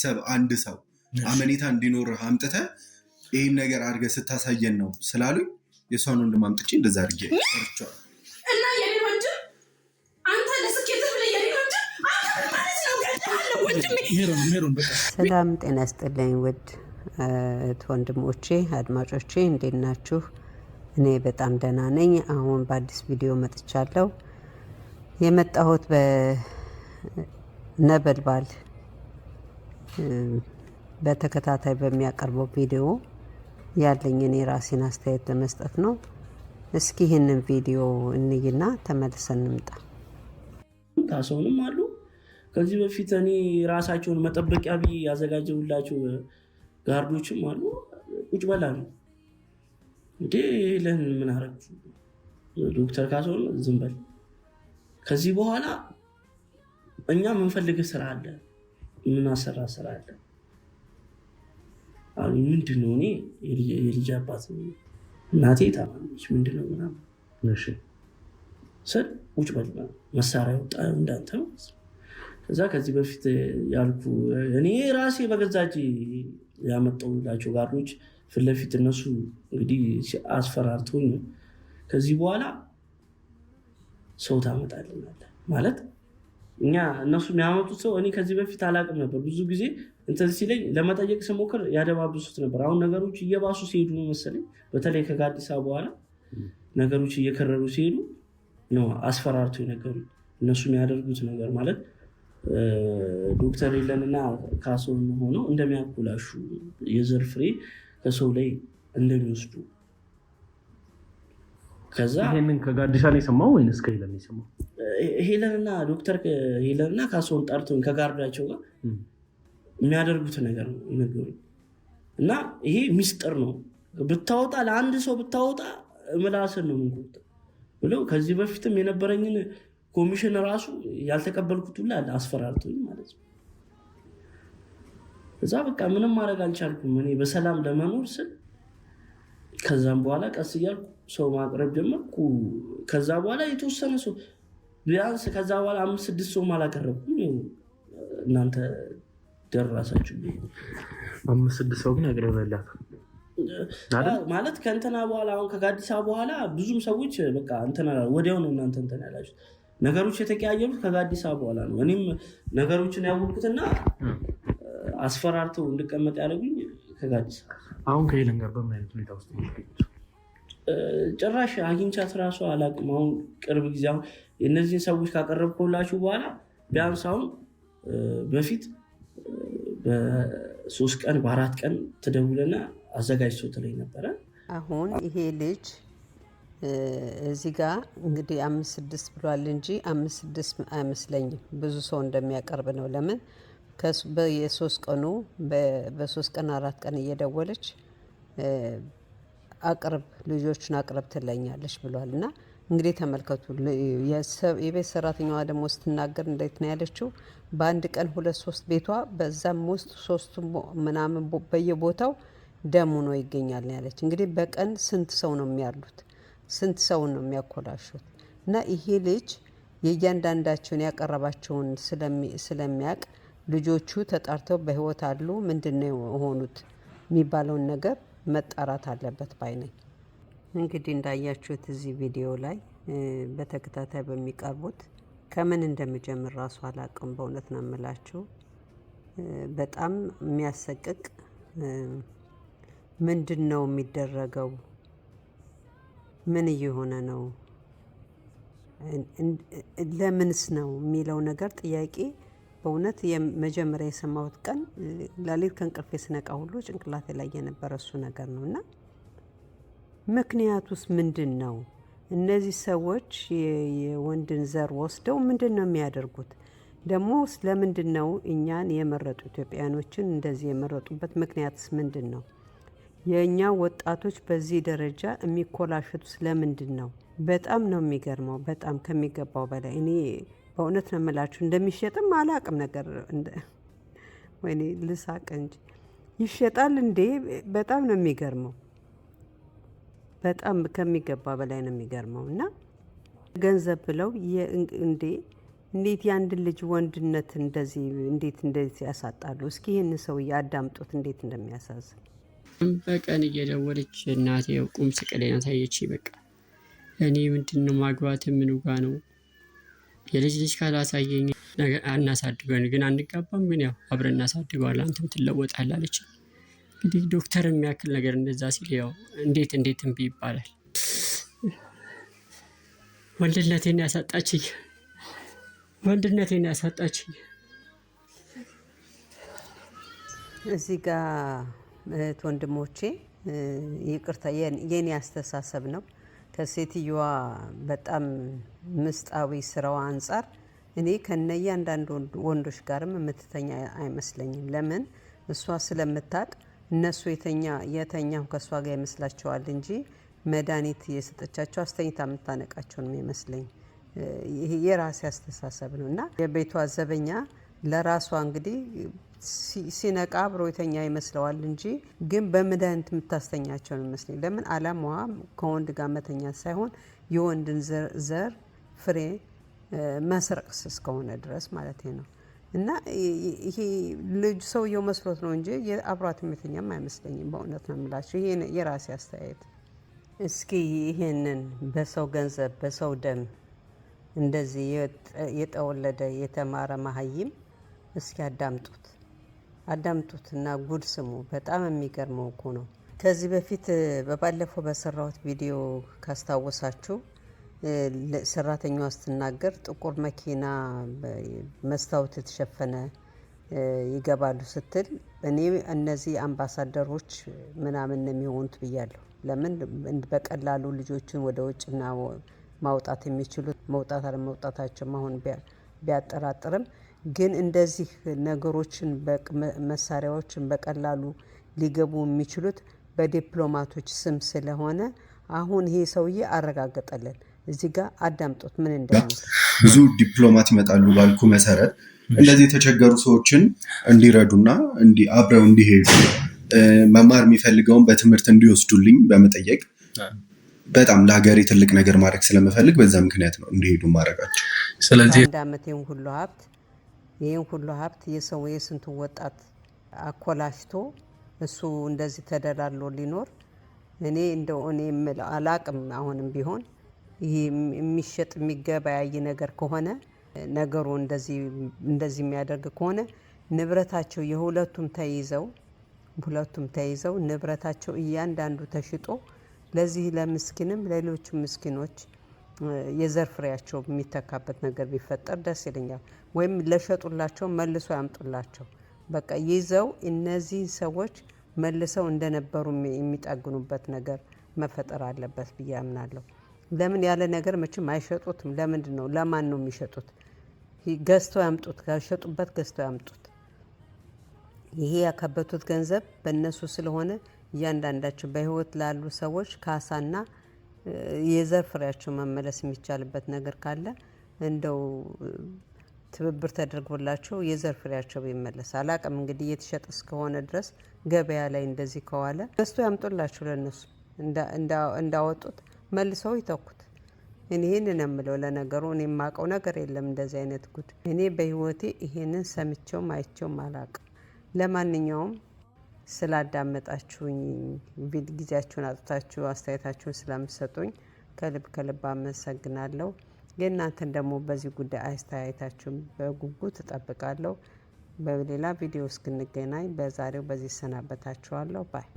ቤተሰብ አንድ ሰው አመኔታ እንዲኖርህ አምጥተ ይህን ነገር አድርገ ስታሳየን ነው ስላሉኝ የእሷን ወንድም አምጥቼ እንደዛ አድርጌ ሰርቼዋለሁ። ሰላም ጤና ስጥልኝ ውድ ወንድሞቼ አድማጮቼ፣ እንዴት ናችሁ? እኔ በጣም ደህና ነኝ። አሁን በአዲስ ቪዲዮ መጥቻለሁ። የመጣሁት በነበልባል በተከታታይ በሚያቀርበው ቪዲዮ ያለኝን የራሴን አስተያየት ለመስጠት ነው። እስኪ ይህንን ቪዲዮ እንይና ተመልሰን እንምጣ። ታሰውንም አሉ ከዚህ በፊት እኔ ራሳቸውን መጠበቂያ ብ ያዘጋጀውላቸው ጋርዶችም አሉ። ቁጭ በላ ነው እንዴ ለን ምን አረግኩ? ዶክተር ካሰውን ዝም በል ከዚህ በኋላ እኛ የምንፈልግህ ስራ አለን የምናሰራ ስራ አለ። አሁን ምንድነው እኔ የልጅ አባት እናቴ ታማች ምንድነው ምናምን ስል ውጭ በል መሳሪያ ወጣ እንዳንተ ነው። ከዛ ከዚህ በፊት ያልኩ እኔ ራሴ በገዛ እጄ ያመጣሁላቸው ጋሮች ፊት ለፊት እነሱ እንግዲህ አስፈራርቶኝ ከዚህ በኋላ ሰው ታመጣልናለህ ማለት እኛ እነሱ የሚያመጡት ሰው እኔ ከዚህ በፊት አላቅም ነበር። ብዙ ጊዜ እንትን ሲለኝ ለመጠየቅ ስሞክር ያደባብሱት ነበር። አሁን ነገሮች እየባሱ ሲሄዱ ነው መሰለኝ፣ በተለይ ከጋዲሳ በኋላ ነገሮች እየከረሩ ሲሄዱ ነው አስፈራርቶ የነገሩ። እነሱ የሚያደርጉት ነገር ማለት ዶክተር የለንና ካሶ ሆነው እንደሚያኮላሹ የዘር ፍሬ ከሰው ላይ እንደሚወስዱ ከዛ ይህንን ከጋዲሳ ነው የሰማው ወይንስ ከሌላ ነው የሰማው? ሄለንና ዶክተር ሄለንና ካሶን ጠርቶኝ ከጋርዳቸው ጋር የሚያደርጉት ነገር ነው እና ይሄ ሚስጥር ነው ብታወጣ ለአንድ ሰው ብታወጣ ምላስን ነው ምንቆጥ ብለው ከዚህ በፊትም የነበረኝን ኮሚሽን ራሱ ያልተቀበልኩት ሁላ አስፈራርቶኝ ማለት ነው። እዛ በቃ ምንም ማድረግ አልቻልኩም እኔ በሰላም ለመኖር ስል። ከዛም በኋላ ቀስ እያልኩ ሰው ማቅረብ ጀመርኩ። ከዛ በኋላ የተወሰነ ሰው ቢያንስ ከዛ በኋላ አምስት ስድስት ሰውም አላቀረብኩም። እናንተ ደረሳችሁ። አምስት ስድስት ሰው ግን ያቅርበላት ማለት ከእንትና በኋላ አሁን ከጋዲሳ በኋላ ብዙም ሰዎች በቃ እንትና ወዲያው ነው እናንተ እንትን ያላችሁ ነገሮች የተቀያየሩት ከጋዲሳ በኋላ ነው። እኔም ነገሮችን ያወቁትና አስፈራርተው እንድቀመጥ ያደረጉኝ ከጋዲሳ። አሁን ከሄለን ጋር በምን አይነት ሁኔታ ውስጥ ነው? ጭራሽ አግኝቻት ራሱ አላቅም። አሁን ቅርብ ጊዜ አሁን የእነዚህን ሰዎች ካቀረብኩላችሁ በኋላ ቢያንስ አሁን በፊት በሶስት ቀን በአራት ቀን ትደውልና አዘጋጅቶ ትለኝ ነበረ። አሁን ይሄ ልጅ እዚህ ጋ እንግዲህ አምስት ስድስት ብሏል እንጂ አምስት ስድስት አይመስለኝም። ብዙ ሰው እንደሚያቀርብ ነው። ለምን የሶስት ቀኑ በሶስት ቀን አራት ቀን እየደወለች አቅርብ ልጆችን አቅርብ ትለኛለች ብሏል። እና እንግዲህ ተመልከቱ። የቤት ሰራተኛዋ ደግሞ ስትናገር እንዴት ነው ያለችው? በአንድ ቀን ሁለት ሶስት ቤቷ በዛም ውስጥ ሶስቱ ምናምን በየቦታው ደም ሆኖ ይገኛል ያለች። እንግዲህ በቀን ስንት ሰው ነው የሚያሉት? ስንት ሰው ነው የሚያኮላሹት? እና ይሄ ልጅ የእያንዳንዳቸውን ያቀረባቸውን ስለሚያውቅ ልጆቹ ተጣርተው በህይወት አሉ ምንድን ነው የሆኑት የሚባለውን ነገር መጣራት አለበት ባይ ነኝ። እንግዲህ እንዳያችሁት እዚህ ቪዲዮ ላይ በተከታታይ በሚቀርቡት ከምን እንደምጀምር ራሱ አላቅም። በእውነት ነው የምላችሁ። በጣም የሚያሰቅቅ ምንድን ነው የሚደረገው? ምን እየሆነ ነው? ለምንስ ነው የሚለው ነገር ጥያቄ በእውነት የመጀመሪያ የሰማሁት ቀን ሌሊት ከእንቅልፌ ስነቃ ሁሉ ጭንቅላቴ ላይ የነበረ እሱ ነገር ነው እና ምክንያቱስ ምንድን ነው? እነዚህ ሰዎች የወንድን ዘር ወስደው ምንድን ነው የሚያደርጉት? ደግሞ ስለምንድን ነው እኛን የመረጡ ኢትዮጵያውያኖችን እንደዚህ የመረጡበት ምክንያትስ ምንድን ነው? የእኛ ወጣቶች በዚህ ደረጃ የሚኮላሸቱ ስለምንድን ነው? በጣም ነው የሚገርመው። በጣም ከሚገባው በላይ እኔ በእውነት ነው የምላችሁ። እንደሚሸጥም አላቅም ነገር ወይኔ ልሳቅ እንጂ ይሸጣል እንዴ! በጣም ነው የሚገርመው። በጣም ከሚገባ በላይ ነው የሚገርመው። እና ገንዘብ ብለው እንዴ እንዴት የአንድን ልጅ ወንድነት እንደዚህ እንዴት እንደዚህ ያሳጣሉ? እስኪ ይህን ሰው አዳምጡት፣ እንዴት እንደሚያሳዝን በቀን እየደወለች እናቴ ቁም ስቅሌን አሳየች። በቃ እኔ ምንድን ነው ማግባት ምንጋ ነው የልጅ ልጅ ካላሳየኝ አናሳድገን ግን አንጋባም፣ ግን ያው አብረን እናሳድገዋለን፣ አንተም ትለወጣለህ አለች። እንግዲህ ዶክተር የሚያክል ነገር እንደዛ ሲል ያው እንዴት እንዴት እምቢ ይባላል። ወንድነቴን ያሳጣችኝ፣ ወንድነቴን ያሳጣችኝ። እዚህ ጋ እህት ወንድሞቼ ይቅርታ፣ የኔ አስተሳሰብ ነው። ከሴትዮዋ በጣም ምስጣዊ ስራዋ አንጻር እኔ ከነእያንዳንድ ወንዶች ጋርም የምትተኛ አይመስለኝም። ለምን እሷ ስለምታቅ እነሱ የተኛ የተኛው ከእሷ ጋር ይመስላቸዋል እንጂ መድኃኒት የሰጠቻቸው አስተኝታ የምታነቃቸው ነው ይመስለኝ። ይሄ የራሴ አስተሳሰብ ነው እና የቤቷ ዘበኛ ለራሷ እንግዲህ ሲነቃ አብሮ የተኛ ይመስለዋል እንጂ ግን በመድኃኒት የምታስተኛቸው ነው ይመስለኝ። ለምን አላማዋ ከወንድ ጋር መተኛ ሳይሆን የወንድን ዘር ፍሬ መስረቅስ እስከሆነ ድረስ ማለት ነው። እና ይሄ ልጅ ሰውየው መስሎት ነው እንጂ አብሯት የተኛም አይመስለኝም። በእውነት ነው የምላቸው። ይሄ የራሴ አስተያየት። እስኪ ይህንን በሰው ገንዘብ በሰው ደም እንደዚህ የጠወለደ የተማረ መሀይም እስኪ አዳምጡት። አዳምጡትና ጉድ ስሙ። በጣም የሚገርመው እኮ ነው። ከዚህ በፊት በባለፈው በሰራሁት ቪዲዮ ካስታወሳችሁ ሰራተኛዋ ስትናገር ጥቁር መኪና መስታወት የተሸፈነ ይገባሉ ስትል እኔ እነዚህ አምባሳደሮች ምናምን ነው የሚሆኑት ብያለሁ። ለምን በቀላሉ ልጆችን ወደ ውጭና ማውጣት የሚችሉት መውጣት አለመውጣታቸው አሁን ቢያጠራጥርም ግን እንደዚህ ነገሮችን መሳሪያዎችን በቀላሉ ሊገቡ የሚችሉት በዲፕሎማቶች ስም ስለሆነ አሁን ይሄ ሰውዬ አረጋገጠልን። እዚህ ጋር አዳምጦት ምን እንደ ብዙ ዲፕሎማት ይመጣሉ ባልኩ መሰረት እንደዚህ የተቸገሩ ሰዎችን እንዲረዱና አብረው እንዲሄዱ መማር የሚፈልገውን በትምህርት እንዲወስዱልኝ በመጠየቅ በጣም ለሀገሬ ትልቅ ነገር ማድረግ ስለምፈልግ በዛ ምክንያት ነው እንዲሄዱ ማድረጋቸው። ስለዚህ አንድ አመቴን ሁሉ ሀብት ይህን ሁሉ ሀብት የሰው የስንቱን ወጣት አኮላሽቶ እሱ እንደዚህ ተደላሎ ሊኖር እኔ እንደው እኔ የምለው አላቅም። አሁንም ቢሆን ይህ የሚሸጥ የሚገበያይ ነገር ከሆነ ነገሩ እንደዚህ የሚያደርግ ከሆነ ንብረታቸው የሁለቱም ተይዘው ሁለቱም ተይዘው ንብረታቸው እያንዳንዱ ተሽጦ ለዚህ ለምስኪንም ሌሎቹ ምስኪኖች የዘር ፍሬያቸው የሚተካበት ነገር ቢፈጠር ደስ ይለኛል። ወይም ለሸጡላቸው መልሶ ያምጡላቸው። በቃ ይዘው እነዚህን ሰዎች መልሰው እንደነበሩ የሚጠግኑበት ነገር መፈጠር አለበት ብዬ አምናለሁ። ለምን ያለ ነገር መቼም አይሸጡትም። ለምንድን ነው? ለማን ነው የሚሸጡት? ገዝተው ያምጡት፣ ከሸጡበት ገዝተው ያምጡት። ይሄ ያካበቱት ገንዘብ በእነሱ ስለሆነ እያንዳንዳቸው በህይወት ላሉ ሰዎች ካሳና የዘር ፍሬያቸው መመለስ የሚቻልበት ነገር ካለ እንደው ትብብር ተደርጎላቸው የዘር ፍሬያቸው ቢመለስ አላቅም። እንግዲህ እየተሸጠ እስከሆነ ድረስ ገበያ ላይ እንደዚህ ከዋለ ገዝቶ ያምጡላቸው። ለነሱ እንዳወጡት መልሰው ይተኩት። እኔ ይህንን የምለው ለነገሩ እኔ የማውቀው ነገር የለም እንደዚህ አይነት ጉድ። እኔ በህይወቴ ይሄንን ሰምቼውም አይቼውም አላቅም። ለማንኛውም ስላዳመጣችሁኝ ጊዜያችሁን አጥታችሁ አስተያየታችሁን ስለምሰጡኝ ከልብ ከልብ አመሰግናለሁ። የእናንተን ደግሞ በዚህ ጉዳይ አስተያየታችሁን በጉጉት እጠብቃለሁ። በሌላ ቪዲዮ እስክንገናኝ በዛሬው በዚህ እሰናበታችኋለሁ ባይ